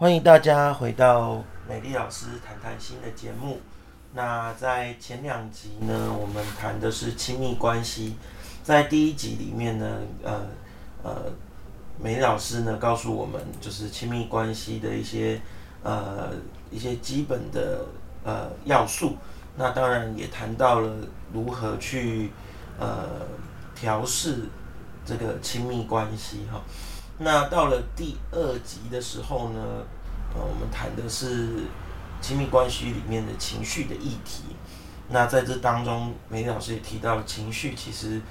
歡迎大家回到美麗老師談談心的節目。那在前兩集呢，我們談的是親密關係。在第一集裡面呢，呃呃，美麗老師呢告訴我們，就是親密關係的一些呃一些基本的呃要素。那當然也談到了如何去呃調試這個親密關係哈。那到了第二集的時候呢，呃、哦，我們談的是親密關係裡面的情緒的議題。那在這當中，美麗老師也提到了情緒，其實，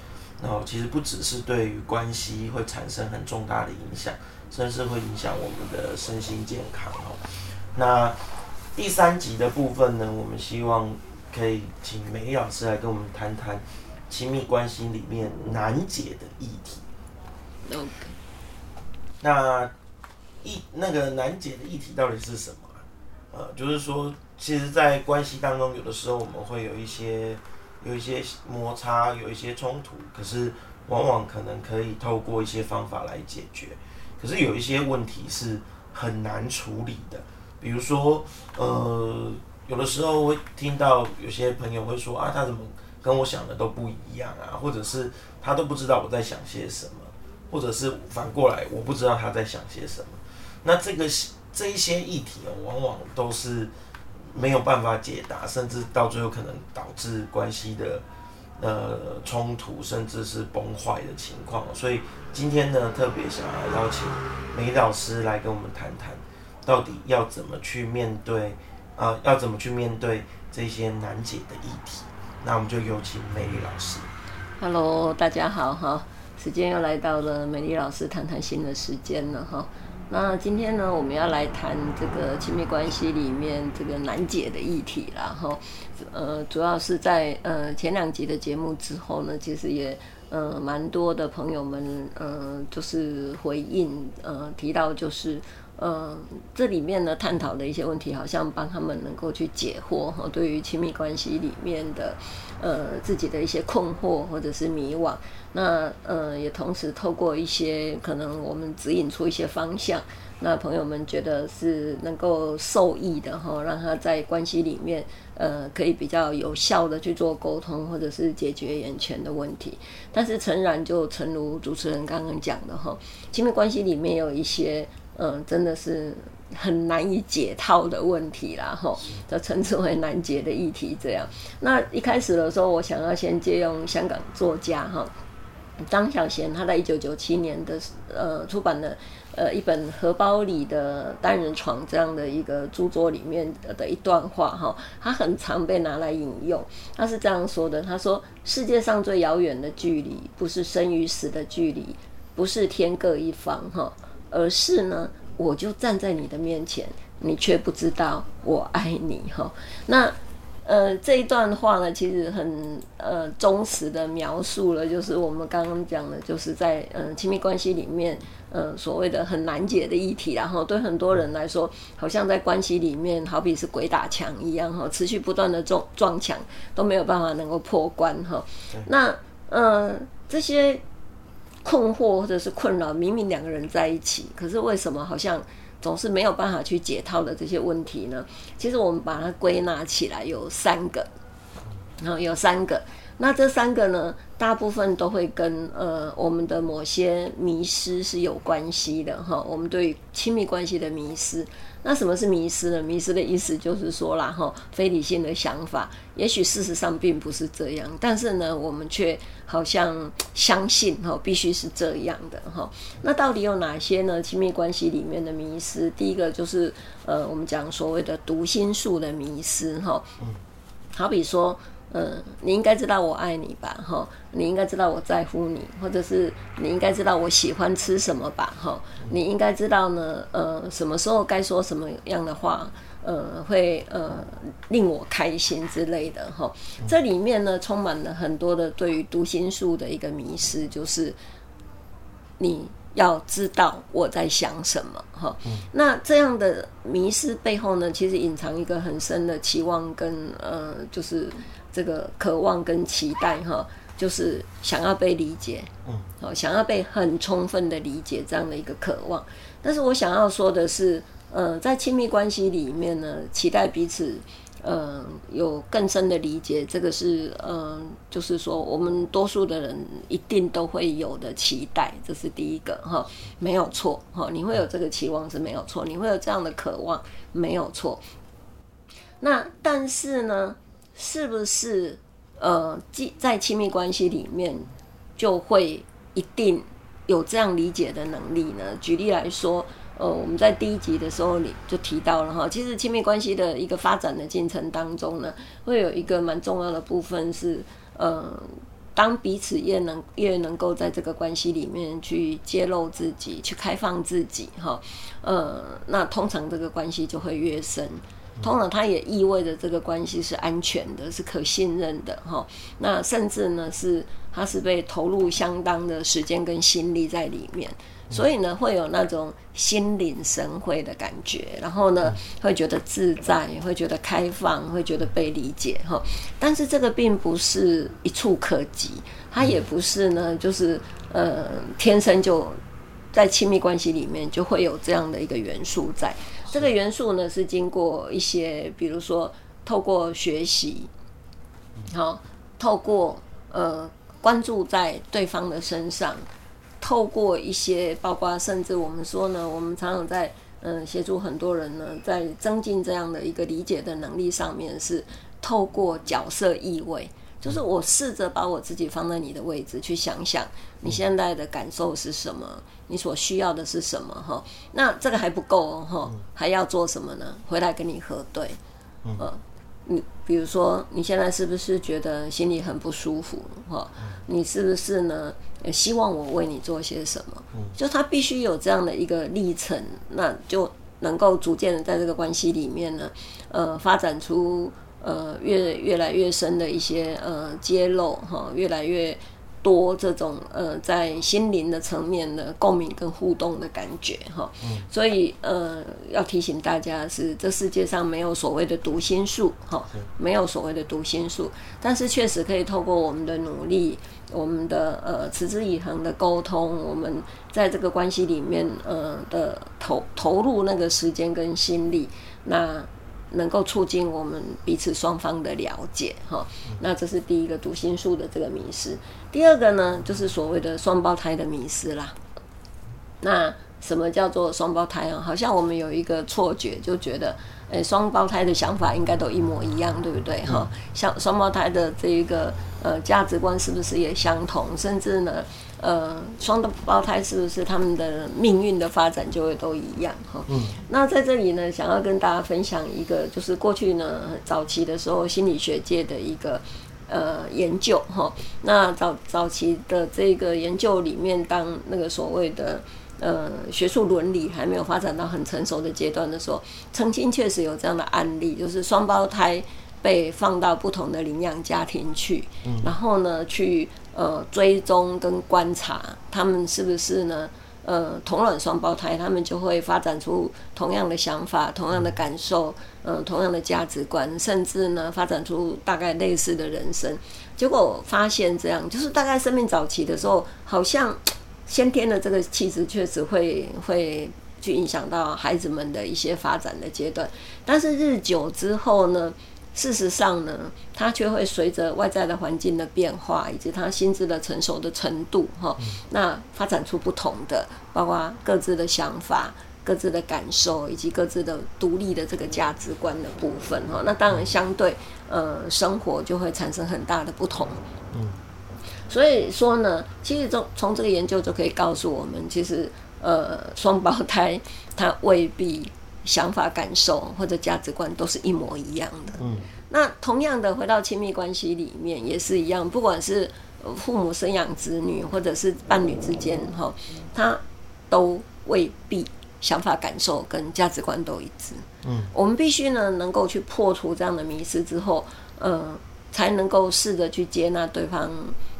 哦，其實不只是對於關係會產生很重大的影響，甚至會影響我們的身心健康哦。那第三集的部分呢，我們希望可以請美麗老師來跟我們談談親密關係裡面難解的議題。Okay. 那一，那個難解的議題到底是什麼啊？呃，就是說，其實，在關係當中，有的時候我們會有一些有一些摩擦，有一些衝突，可是往往可能可以透過一些方法來解決。可是有一些問題是很難處理的，比如說，呃，有的時候會聽到有些朋友會說啊，他怎麼跟我想的都不一樣啊，或者是他都不知道我在想些什麼。或者是反過來，我不知道他在想些什麼。那這個這一些議題哦、喔，往往都是沒有辦法解答，甚至到最後可能導致關係的呃衝突，甚至是崩壞的情況、喔。所以今天呢，特別想要邀請美麗老師來跟我們談談，到底要怎麼去面對啊、呃，要怎麼去面對這些難解的議題。那我們就有請美麗老師。Hello，大家好哈。時間又來到了美麗老師談談心的時間了哈，那今天呢，我們要來談這個親密關係裡面這個難解的議題了哈，呃，主要是在呃前兩集的節目之後呢，其實也呃蠻多的朋友們呃就是回應呃提到就是。嗯、呃，這裡面呢，探討的一些問題，好像幫他們能夠去解惑哈。對於親密關係裡面的，呃，自己的一些困惑或者是迷惘，那呃，也同時透過一些可能我們指引出一些方向。那朋友們覺得是能夠受益的哈，讓他在關係裡面呃，可以比較有效的去做溝通，或者是解決眼前的問題。但是誠然就，就誠如主持人剛剛講的哈，親密關係裡面有一些。嗯，真的是很難以解套的問題啦，吼，就稱之為難解的議題這樣。那一開始的時候，我想要先借用香港作家哈張小嫻，他在一九九七年的呃出版了呃一本《荷包裡的單人床》這樣的一個著作裡面的一段話哈，他很常被拿來引用。他是這樣說的：他說，世界上最遙遠的距離，不是生與死的距離，不是天各一方，哈。而是呢，我就站在你的面前，你卻不知道我愛你哈。那呃，這一段話呢，其實很呃忠實的描述了，就是我們剛剛講的，就是在嗯呃親密關係裡面，呃所謂的很難解的議題，然後對很多人來說，好像在關係裡面，好比是鬼打牆一樣哈，持續不斷的撞撞牆，都沒有辦法能夠破關哈。對 那呃這些。困惑、或者是困擾，明明兩個人在一起，可是為什麼好像總是沒有辦法去解套的這些問題呢？其實我們把它歸納起來有三個，然後有三個。那這三個呢，大部分都會跟呃我們的某些迷失是有關係的哈。我們對親密關係的迷失，那什麼是迷失呢？迷失的意思就是說啦哈，非理性的想法，也許事實上並不是這樣，但是呢，我們卻好像相信哈，必須是這樣的哈。那到底有哪些呢？親密關係裡面的迷失，第一個就是呃，我們講所謂的讀心術的迷失哈。好比說。嗯，你應該知道我愛你吧？哈，你應該知道我在乎你，或者是你應該知道我喜歡吃什麼吧？哈，你應該知道呢，呃，什麼時候該說什麼樣的話，呃，會呃令我開心之類的。哈，嗯、這裡面呢，充滿了很多的對於讀心術的一個迷思，就是你要知道我在想什麼。哈，嗯、那這樣的迷思背後呢，其實隱藏一個很深的期望跟呃，就是。這個渴望跟期待，哈，就是想要被理解，嗯，想要被很充分的理解，這樣的一個渴望。但是我想要說的是，呃，在親密關係裡面呢，期待彼此，嗯、呃，有更深的理解，這個是，嗯、呃，就是說我們多數的人一定都會有的期待，這是第一個，哈，沒有錯，哈，你會有這個期望是沒有錯，你會有這樣的渴望沒有錯。那但是呢？是不是呃，既在親密關係裡面就會一定有這樣理解的能力呢？舉例來說，呃，我們在第一集的時候裡就提到了哈，其實親密關係的一個發展的進程當中呢，會有一個蠻重要的部分是，嗯、呃，當彼此越能越能夠在這個關係裡面去揭露自己、去開放自己，哈、呃，那通常這個關係就會越深。通常它也意味着這個關係是安全的，是可信任的哈。那甚至呢是它是被投入相當的時間跟心力在裡面，嗯、所以呢會有那種心領神會的感覺，然後呢、嗯、會覺得自在，會覺得開放，會覺得被理解哈。但是這個並不是一蹴可及，它也不是呢就是呃天生就在親密關係裡面就會有這樣的一個元素在。這個元素呢，是經過一些，比如說透過學習，好、哦，透過呃關注在對方的身上，透過一些，包括甚至我們說呢，我們常常在嗯、呃、協助很多人呢，在增進這樣的一個理解的能力上面是，是透過角色意味。就是我試着把我自己放在你的位置去想想，你現在的感受是什麼？嗯、你所需要的是什麼？哈，那這個還不夠哦，哈，還要做什麼呢？回來跟你核對，嗯、呃，你比如說你現在是不是覺得心裡很不舒服？哈，你是不是呢？也希望我為你做些什麼？就他必須有這樣的一個歷程，那就能夠逐漸的在這個關係裡面呢，呃，發展出。呃，越越來越深的一些呃揭露哈、哦，越來越多這種呃在心靈的層面的共鳴跟互動的感覺哈，哦嗯、所以呃要提醒大家的是，這世界上沒有所謂的讀心術哈，哦、是沒有所謂的讀心術，但是確實可以透過我們的努力，我們的呃持之以恆的溝通，我們在這個關係裡面呃的投投入那個時間跟心力，那。能夠促進我們彼此雙方的了解，哈，那這是第一個讀心術的這個迷思。第二個呢，就是所謂的雙胞胎的迷思啦。那什麼叫做雙胞胎啊？好像我們有一個錯覺，就覺得。誒，雙胞胎的想法應該都一模一樣，對不對哈？嗯、像雙胞胎的這一個呃價值觀是不是也相同？甚至呢，呃，雙胞胎是不是他們的命運的發展就會都一樣哈？嗯。那在這裡呢，想要跟大家分享一個，就是過去呢早期的時候心理學界的一個呃研究哈。那早早期的這個研究裡面，當那個所謂的。呃，學術倫理還沒有發展到很成熟的階段的時候，曾經確實有這樣的案例，就是雙胞胎被放到不同的領養家庭去，然後呢，去呃追蹤跟觀察他們是不是呢，呃，同卵雙胞胎，他們就會發展出同樣的想法、同樣的感受、嗯、呃，同樣的價值觀，甚至呢，發展出大概類似的人生。結果發現這樣，就是大概生命早期的時候，好像。先天的這個氣質確實會會去影響到孩子們的一些發展的階段，但是日久之後呢，事實上呢，他卻會隨着外在的環境的變化，以及他心智的成熟的程度哈，那發展出不同的，包括各自的想法、各自的感受，以及各自的獨立的這個價值觀的部分哈。那當然相對，呃，生活就會產生很大的不同。嗯。所以說呢，其實從從這個研究就可以告訴我們，其實呃，雙胞胎他未必想法、感受或者價值觀都是一模一樣的。嗯。那同樣的，回到親密關係裡面也是一樣，不管是父母生養子女，或者是伴侶之間哈，他、嗯、都未必想法、感受跟價值觀都一致。嗯。我們必須呢，能夠去破除這樣的迷思之後，嗯、呃，才能夠試着去接納對方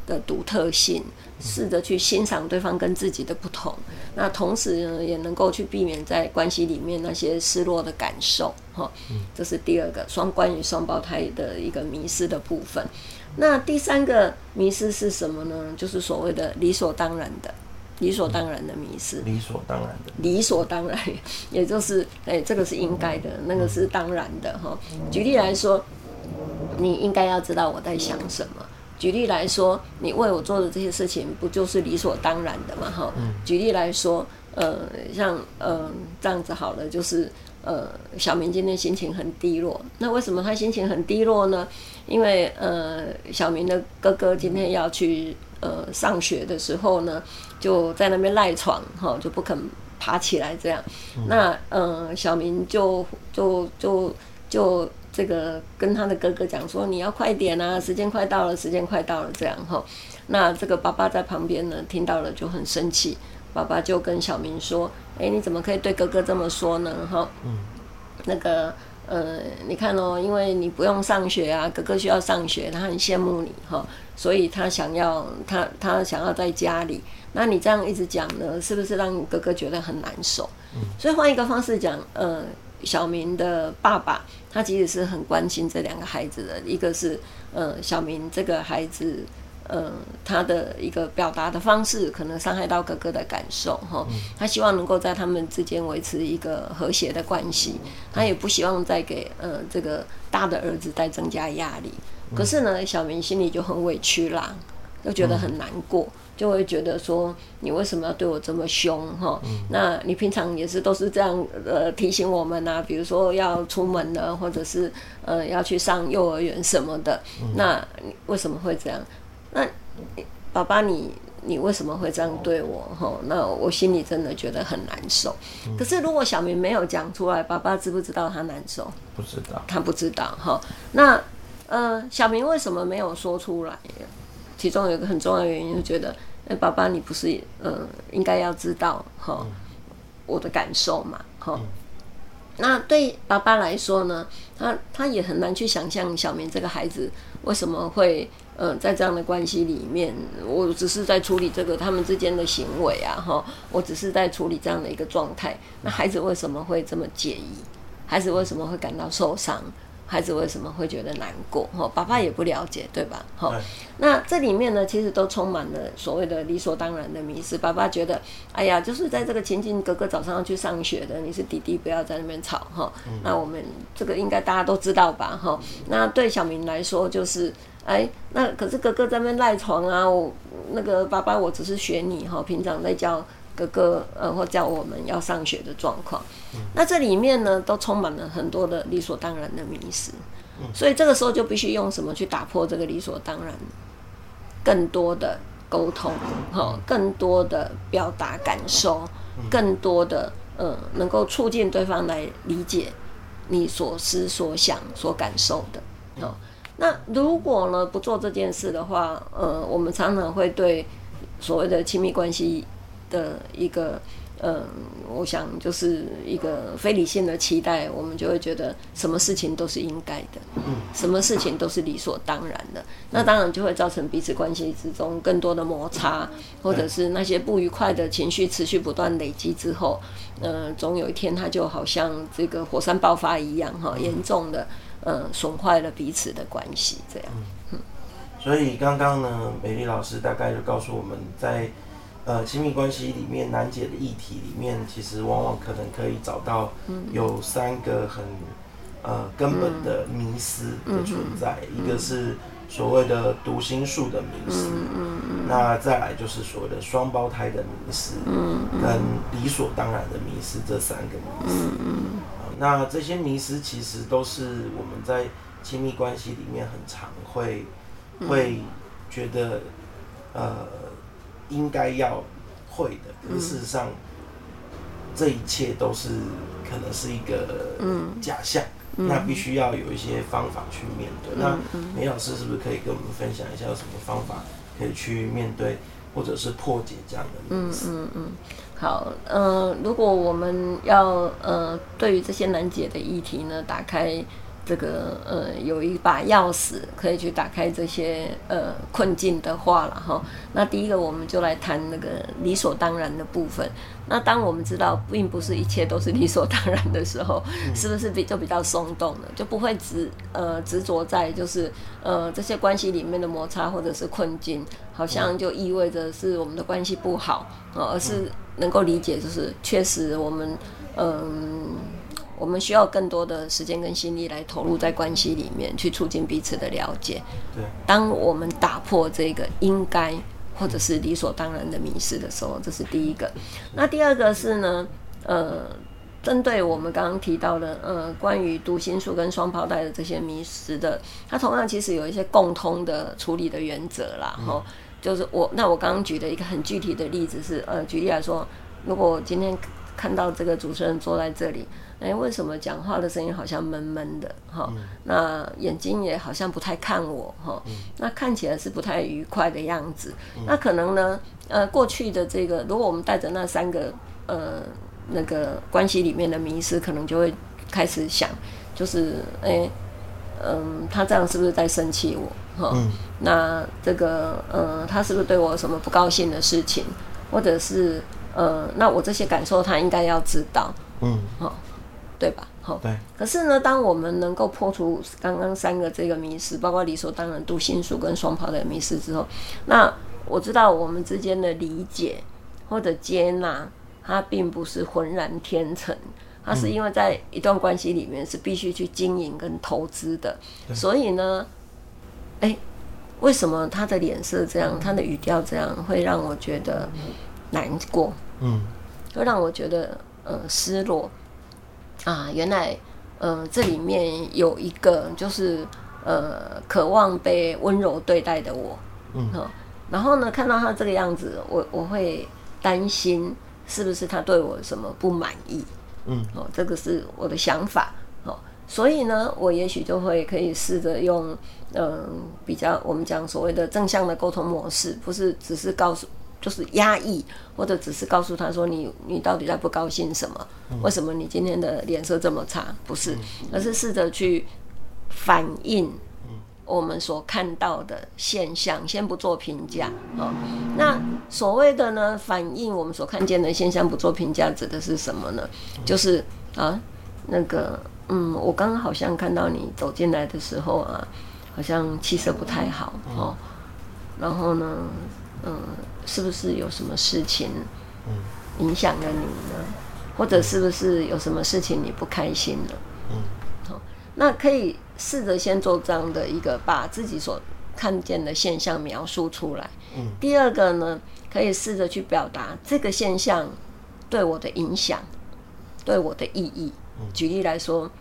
的獨特性，試着去欣賞對方跟自己的不同，嗯、那同時呢，也能夠去避免在關係裡面那些失落的感受，哈，嗯、這是第二個雙關於雙胞胎的一個迷思的部分。嗯、那第三個迷思是什麼呢？就是所謂的理所當然的，理所當然的迷思，理所當然的，理所當然的，也就是哎、欸，這個是應該的，嗯、那個是當然的，哈。嗯、舉例來說，你應該要知道我在想什麼。嗯舉例來說，你為我做的這些事情，不就是理所當然的嘛？哈，舉例來說，呃，像呃這樣子好了，就是呃，小明今天心情很低落，那為什麼他心情很低落呢？因為呃，小明的哥哥今天要去呃上學的時候呢，就在那邊賴床，哈，就不肯爬起來這樣，那呃，小明就就就就。就就這個跟他的哥哥講說：“你要快點啊，時間快到了，時間快到了。”這樣哈，那這個爸爸在旁邊呢，聽到了就很生氣。爸爸就跟小明說：“哎、欸，你怎麼可以對哥哥這麼說呢？”哈，嗯、那個呃，你看哦、喔，因為你不用上學啊，哥哥需要上學，他很羨慕你哈，所以他想要他他想要在家裡。那你這樣一直講呢，是不是讓哥哥覺得很難受？嗯，所以換一個方式講，呃，小明的爸爸。他其實是很關心這兩個孩子的。一個是，呃，小明這個孩子，呃，他的一個表達的方式可能傷害到哥哥的感受，哈，他希望能夠在他們之間維持一個和諧的關係，他也不希望再給呃這個大的兒子再增加壓力。可是呢，小明心裡就很委屈啦，又覺得很難過。嗯就會覺得說，你為什麼要對我這麼凶？吼，嗯、那你平常也是都是這樣呃提醒我們啊，比如說要出門了，或者是呃要去上幼兒園什麼的，嗯、那你為什麼會這樣？那爸爸你，你你為什麼會這樣對我？吼，那我心裡真的覺得很難受。嗯、可是如果小明沒有講出來，爸爸知不知道他難受？不知道，他不知道哈。那呃，小明為什麼沒有說出來？其中有一個很重要的原因，嗯、就覺得。爸爸，你不是呃，應該要知道哈、嗯、我的感受嘛哈。嗯、那對爸爸來說呢，他他也很難去想象小明這個孩子為什麼會呃在這樣的關係裡面。我只是在處理這個他們之間的行為啊哈，我只是在處理這樣的一個狀態。那孩子為什麼會這麼介意？孩子為什麼會感到受傷？孩子為什麼會覺得難過？吼，爸爸也不了解，對吧？吼、哦，嗯、那這裡面呢，其實都充滿了所謂的理所當然的迷思。爸爸覺得，哎呀，就是在這個情境，哥哥早上要去上學的，你是弟弟，不要在那邊吵吼，哦嗯、那我們這個應該大家都知道吧？吼、哦，那對小明來說，就是，哎，那可是哥哥在那邊賴床啊我，那個爸爸我只是學你吼，平常在教……哥哥，呃，或叫我們要上學的狀況，嗯、那這裡面呢，都充滿了很多的理所當然的迷思，所以這個時候就必須用什麼去打破這個理所當然？更多的溝通，哈、哦，更多的表達感受，更多的，呃，能夠促進對方來理解你所思所想所感受的，哦、那如果呢不做這件事的話，呃，我們常常會對所謂的親密關係。的一個嗯、呃，我想就是一個非理性的期待，我們就會覺得什麼事情都是應該的，嗯，什麼事情都是理所當然的，嗯、那當然就會造成彼此關係之中更多的摩擦，嗯、或者是那些不愉快的情緒持續不斷累積之後，嗯、呃，總有一天它就好像這個火山爆發一樣，哈，嚴、嗯、重的，嗯、呃，損壞了彼此的關係這樣。嗯，所以剛剛呢，美麗老師大概就告訴我們在。呃，親密關係裡面難解的議題裡面，其實往往可能可以找到有三個很呃根本的迷思的存在。一個是所謂的讀心術的迷思，那再來就是所謂的雙胞胎的迷思，跟理所當然的迷思。這三個迷思，呃，那這些迷思其實都是我們在親密關係裡面很常會會覺得呃。應該要會的，可是事實上，這一切都是可能是一個假象。嗯、那必須要有一些方法去面對。嗯、那美麗、嗯嗯、老師是不是可以跟我們分享一下，有什麼方法可以去面對，或者是破解這樣的嗯？嗯嗯嗯，好、呃，如果我們要、呃、對於這些難解的議題呢，打開。這個呃，有一把鑰匙可以去打開這些呃困境的話了哈。那第一個，我們就來談那個理所當然的部分。那當我們知道並不是一切都是理所當然的時候，嗯、是不是比就比較鬆動了？就不會執呃執着在就是呃這些關係裡面的摩擦或者是困境，好像就意味着是我們的關係不好，齁，而是能夠理解就是確實我們嗯。呃我們需要更多的時間跟心力來投入在關係裡面，去促進彼此的了解。對，當我們打破這個應該或者是理所當然的迷思的時候，這是第一個。那第二個是呢？呃，針對我們剛剛提到的，呃，關於讀心術跟雙胞胎的這些迷思的，它同樣其實有一些共通的處理的原則啦。哈，就是我那我剛剛舉的一個很具體的例子是，呃，舉例來說，如果今天看到這個主持人坐在這裡。哎、欸，為什麼講話的聲音好像悶悶的？哈，嗯、那眼睛也好像不太看我，哈，嗯、那看起來是不太愉快的樣子。嗯、那可能呢，呃，過去的這個，如果我們帶着那三個，呃，那個關係裡面的迷思，可能就會開始想，就是，哎、欸，嗯、呃，他這樣是不是在生氣我？哈，嗯、那這個，呃，他是不是對我有什麼不高興的事情？或者是，呃，那我這些感受他應該要知道。嗯，好。對吧？好。對。可是呢，當我們能夠破除剛剛三個這個迷思，包括理所當然、讀心術跟雙胞的迷思之後，那我知道我們之間的理解或者接納，它並不是渾然天成，它是因為在一段關係裡面是必須去經營跟投資的。對所以呢，哎、欸，為什麼他的臉色這樣，他的語調這樣，會讓我覺得難過？嗯、會讓我覺得呃失落。啊，原來，嗯、呃，這裡面有一個就是，呃，渴望被溫柔對待的我，嗯、哦，然後呢，看到他這個樣子，我我會擔心是不是他對我什麼不滿意，嗯，哦，這個是我的想法，好、哦，所以呢，我也許就會可以試着用，嗯、呃，比較我們講所謂的正向的溝通模式，不是只是告訴。就是壓抑，或者只是告訴他說你：“你你到底在不高興什麼？為什麼你今天的臉色這麼差？”不是，而是試着去反映我們所看到的現象，先不做評價哦。那所謂的呢，反映我們所看見的現象，不做評價，指的是什麼呢？就是啊，那個嗯，我剛剛好像看到你走進來的時候啊，好像氣色不太好哦、喔，然後呢？嗯，是不是有什麼事情影響了你呢？嗯、或者是不是有什麼事情你不開心了？嗯，好、哦，那可以試着先做這樣的一個，把自己所看見的現象描述出來。嗯，第二個呢，可以試着去表達這個現象對我的影響，對我的意義。嗯、舉例來說。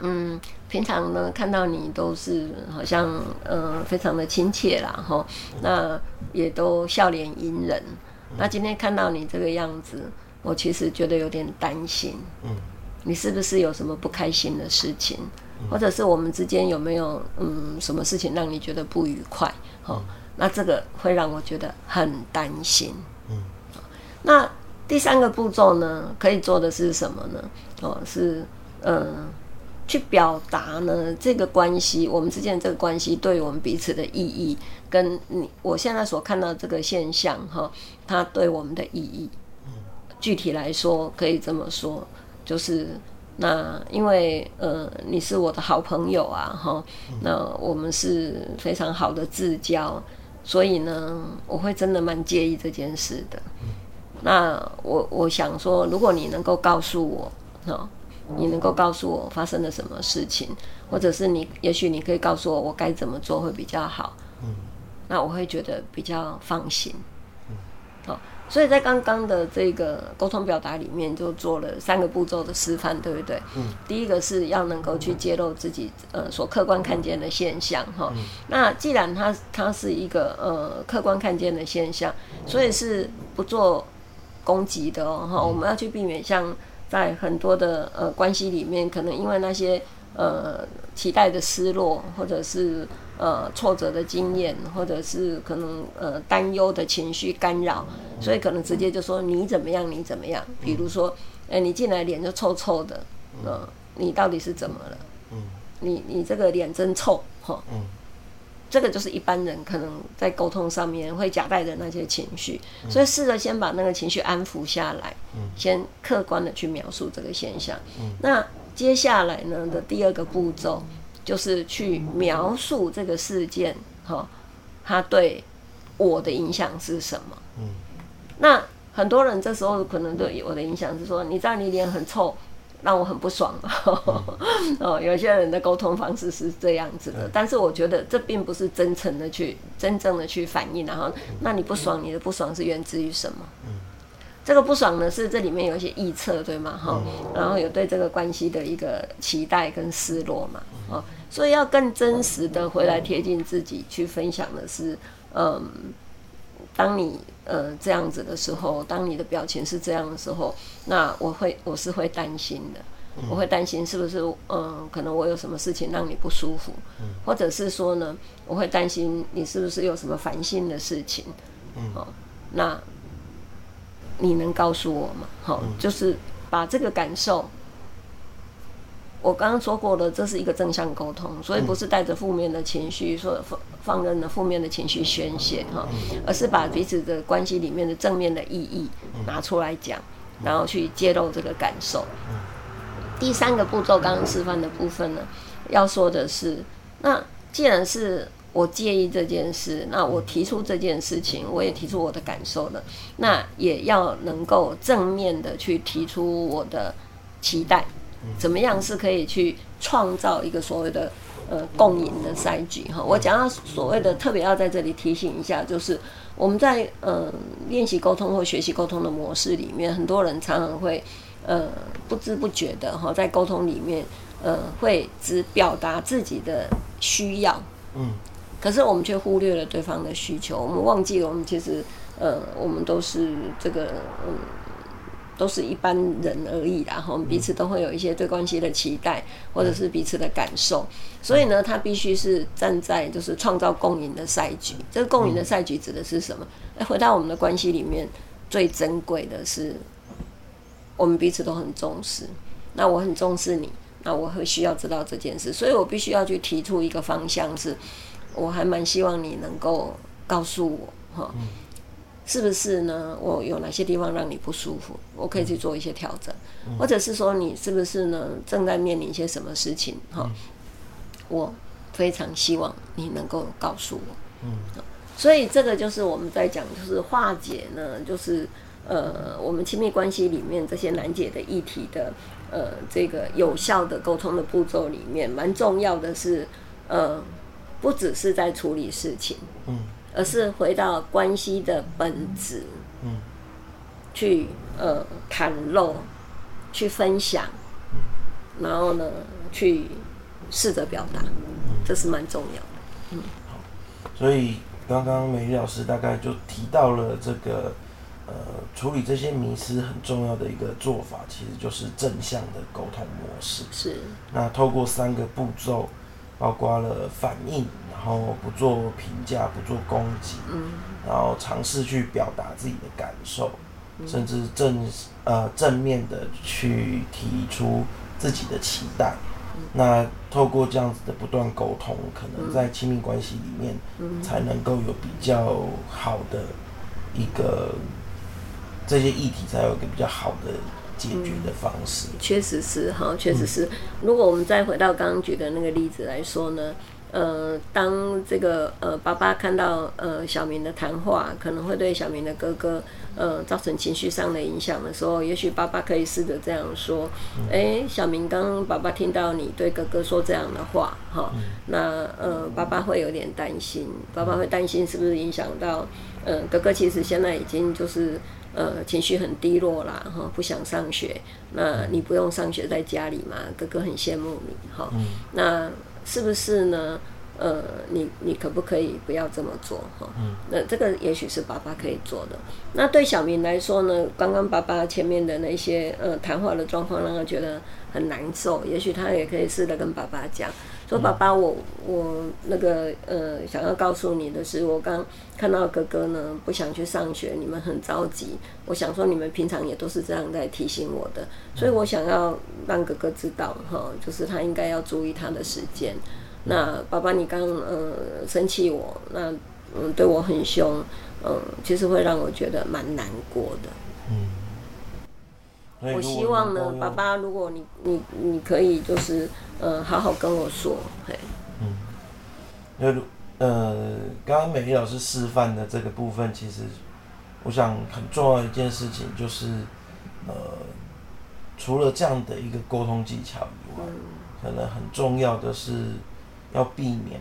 嗯，平常呢，看到你都是好像嗯、呃、非常的親切啦，吼，那也都笑臉迎人。嗯、那今天看到你這個樣子，我其實覺得有點擔心。嗯，你是不是有什麼不開心的事情？嗯、或者是我們之間有沒有嗯什麼事情讓你覺得不愉快？吼，嗯、那這個會讓我覺得很擔心。嗯，那第三個步驟呢，可以做的是什麼呢？哦，是嗯。呃去表達呢？這個關係，我們之間這個關係，對我們彼此的意義，跟你我現在所看到的這個現象，哈，它對我們的意義，嗯，具體來說可以這麼說，就是那因為呃，你是我的好朋友啊，哈，嗯、那我們是非常好的至交，所以呢，我會真的蠻介意這件事的。嗯、那我我想說，如果你能夠告訴我，哈。你能夠告訴我發生了什麼事情，或者是你，也許你可以告訴我我該怎麼做會比較好。嗯，那我會覺得比較放心。好，嗯，哦，所以在剛剛的這個溝通表達裡面，就做了三個步驟的示範，對不對？嗯，第一個是要能夠去揭露自己呃所客觀看見的現象哈。哦，嗯，那既然它它是一個呃客觀看見的現象，所以是不做攻擊的哦。哈，哦，嗯，我們要去避免像。在很多的呃關係裡面，可能因為那些呃期待的失落，或者是呃挫折的經驗，或者是可能呃擔憂的情緒干擾，所以可能直接就說你怎麼樣，你怎麼樣？比如說，哎，嗯，欸，你進來臉就臭臭的，嗯，呃，你到底是怎麼了？嗯，你你這個臉真臭，哈。嗯這個就是一般人可能在溝通上面會夾帶着那些情緒，嗯、所以試着先把那個情緒安撫下來，嗯、先客觀的去描述這個現象。嗯、那接下來呢的第二個步驟就是去描述這個事件，哈，它對我的影響是什麼？嗯、那很多人這時候可能對我的影響是說，你知道你臉很臭。讓我很不爽，呵呵嗯、哦，有些人的溝通方式是這樣子的，對但是我覺得這並不是真誠的去真正的去反映，然後、嗯、那你不爽，嗯、你的不爽是源自於什麼？嗯、這個不爽呢，是這裡面有一些臆測，對嗎？哈、哦，嗯、然後有對這個關係的一個期待跟失落嘛，啊、嗯哦，所以要更真實的回來貼近自己去分享的是，嗯。當你呃這樣子的時候，當你的表情是這樣的時候，那我會我是會擔心的，嗯、我會擔心是不是呃、嗯、可能我有什麼事情讓你不舒服，嗯、或者是說呢，我會擔心你是不是有什麼煩心的事情，嗯、哦，那你能告訴我嗎？好、哦，嗯、就是把這個感受。我剛剛說過了，這是一個正向溝通，所以不是帶着負面的情緒說放放任了負面的情緒宣泄哈，而是把彼此的關係裡面的正面的意義拿出來講，然後去揭露這個感受。第三個步驟剛剛示範的部分呢，要說的是，那既然是我介意這件事，那我提出這件事情，我也提出我的感受了，那也要能夠正面的去提出我的期待。怎麼樣是可以去創造一個所謂的呃共贏的賽局哈？我講到所謂的，特別要在這裡提醒一下，就是我們在呃練習溝通或學習溝通的模式裡面，很多人常常會呃不知不覺的哈，在溝通裡面呃會只表達自己的需要，嗯，可是我們卻忽略了對方的需求，我們忘記了我們其實呃我們都是這個嗯。都是一般人而已啦，然後、嗯、我們彼此都會有一些對關係的期待，嗯、或者是彼此的感受。嗯、所以呢，他必須是站在就是創造共贏的賽局。嗯、這個共贏的賽局指的是什麼？哎、嗯欸，回到我們的關係裡面，最珍貴的是我們彼此都很重視。那我很重視你，那我很需要知道這件事，所以我必須要去提出一個方向是，我還蠻希望你能夠告訴我，哈。嗯是不是呢？我有哪些地方讓你不舒服？我可以去做一些調整，嗯、或者是說你是不是呢？正在面臨一些什麼事情？哈、嗯，我非常希望你能夠告訴我。嗯，所以這個就是我們在講，就是化解呢，就是呃，我們親密關係裡面這些難解的議題的呃，這個有效的溝通的步驟裡面，蠻重要的是呃，不只是在處理事情。嗯。而是回到關係的本質，嗯、去呃袒露，去分享，嗯、然後呢，去試着表達，嗯、這是蠻重要的。嗯，好，所以剛剛美麗老師大概就提到了這個呃處理這些迷思很重要的一個做法，其實就是正向的溝通模式。是。那透過三個步驟。包括了反應，然後不做評價、不做攻擊，然後嘗試去表達自己的感受，甚至正呃正面的去提出自己的期待。那透過這樣子的不斷溝通，可能在親密關係裡面，才能夠有比較好的一個這些議題，才有一個比較好的。解決的方式、嗯，確實是哈，確實是。如果我們再回到剛剛舉的那個例子來說呢，嗯、呃，當這個呃爸爸看到呃小明的談話，可能會對小明的哥哥呃造成情緒上的影響的時候，也許爸爸可以試着這樣說：誒、嗯欸，小明，剛剛爸爸聽到你對哥哥說這樣的話，哈、呃，那呃爸爸會有點擔心，爸爸會擔心是不是影響到，呃，哥哥其實現在已經就是。呃，情緒很低落啦，哈，不想上學。那你不用上學，在家裡嘛。哥哥很羨慕你，哈。嗯，那是不是呢？呃，你你可不可以不要這麼做哈？嗯，那、呃、這個也許是爸爸可以做的。那對小明來說呢？剛剛爸爸前面的那些呃談話的狀況，讓他覺得很難受。也許他也可以試着跟爸爸講，說、嗯：“爸爸我，我我那個呃，想要告訴你的是，我剛看到哥哥呢，不想去上學，你們很着急。我想說，你們平常也都是這樣在提醒我的，所以我想要讓哥哥知道哈，就是他應該要注意他的時間。”那爸爸你剛剛，你剛呃生氣我，那嗯對我很凶，嗯，其實會讓我覺得蠻難過的。嗯，我希望呢，爸爸，如果你你你可以就是嗯好好跟我說，嘿。嗯。那如呃，剛剛美麗老師示範的這個部分，其實我想很重要一件事情就是，呃，除了這樣的一個溝通技巧以外，嗯，可能很重要的是。要避免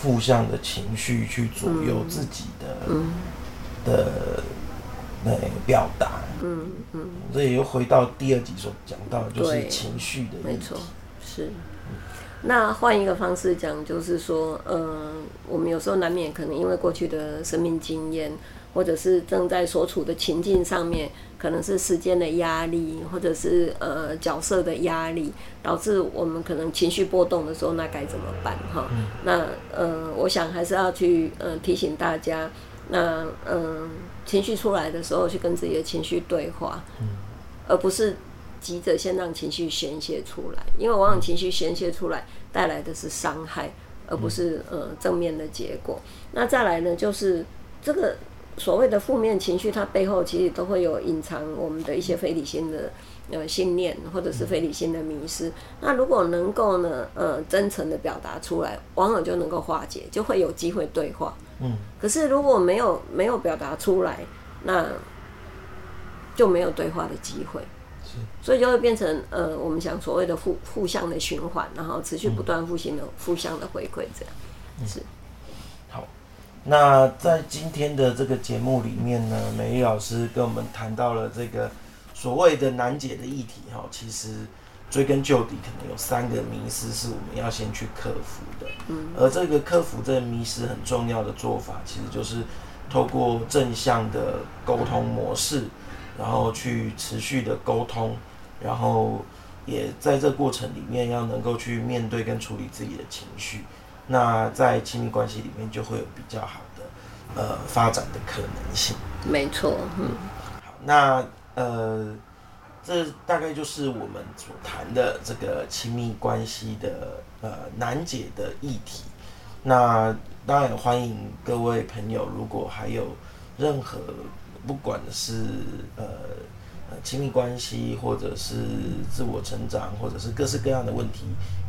負向的情緒去左右自己的、嗯、的那、嗯、表達、嗯。嗯嗯，這也又回到第二集所講到，就是情緒的一集。沒錯，是。嗯、那換一個方式講，就是說，嗯、呃，我們有時候難免可能因為過去的生命經驗。或者是正在所處的情境上面，可能是時間的壓力，或者是呃角色的壓力，導致我們可能情緒波動的時候，那該怎麼辦？哈，嗯、那呃，我想還是要去呃提醒大家，那嗯、呃，情緒出來的時候，去跟自己的情緒對話，嗯、而不是急着先讓情緒宣洩出來，因為往往情緒宣洩出來帶來的是傷害，而不是呃正面的結果。嗯、那再來呢，就是這個。所謂的負面情緒，它背後其實都會有隱藏我們的一些非理性的呃信念，或者是非理性的迷思。嗯、那如果能夠呢呃真誠的表達出來，往往就能夠化解，就會有機會對話。嗯。可是如果沒有沒有表達出來，那就沒有對話的機會。是所以就會變成呃我們講所謂的互互相的循環，然後持續不斷負性的、嗯、互相的回饋這樣。嗯、是。那在今天的這個節目裡面呢，美麗老師跟我們談到了這個所謂的難解的議題哈，其實追根究底，可能有三個迷思是我們要先去克服的。嗯，而這個克服這個迷思很重要的做法，其實就是透過正向的溝通模式，然後去持續的溝通，然後也在這過程裡面要能夠去面對跟處理自己的情緒。那在親密關係裡面，就會有比較好的、呃、發展的可能性。沒錯，嗯。好，那呃，這大概就是我們所談的這個親密關係的呃難解的議題。那當然歡迎各位朋友，如果還有任何不管是呃親密關係，或者是自我成長，或者是各式各樣的問題，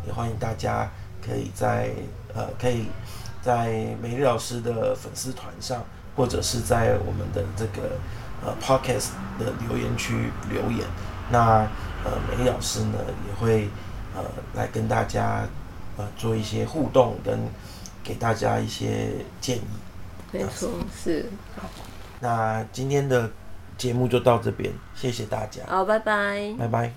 也歡迎大家可以在。呃，可以在美麗老師的粉絲團上，或者是在我們的這個呃 Podcast 的留言區留言。那呃，美麗老師呢也會呃來跟大家呃做一些互動，跟給大家一些建議。沒錯，是。好，那今天的節目就到這邊，謝謝大家。好，拜拜。拜拜。